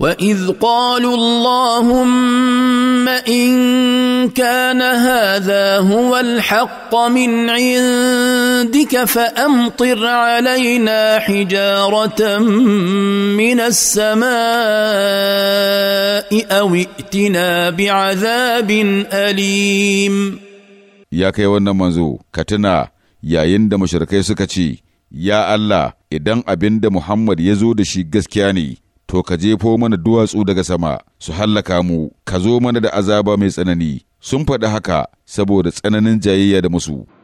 واذ قالوا اللهم ان كان هذا هو الحق من عندك فامطر علينا حجاره من السماء او ائتنا بعذاب اليم يا كيوانا منزو كتنا يا يند مشركي سكتي يا الله ادن ابند محمد يزود شي غسكياني to ka jefo mana duwatsu daga sama su hallaka mu, ka zo mana da azaba mai tsanani. Sun faɗi haka saboda tsananin jayayya da musu.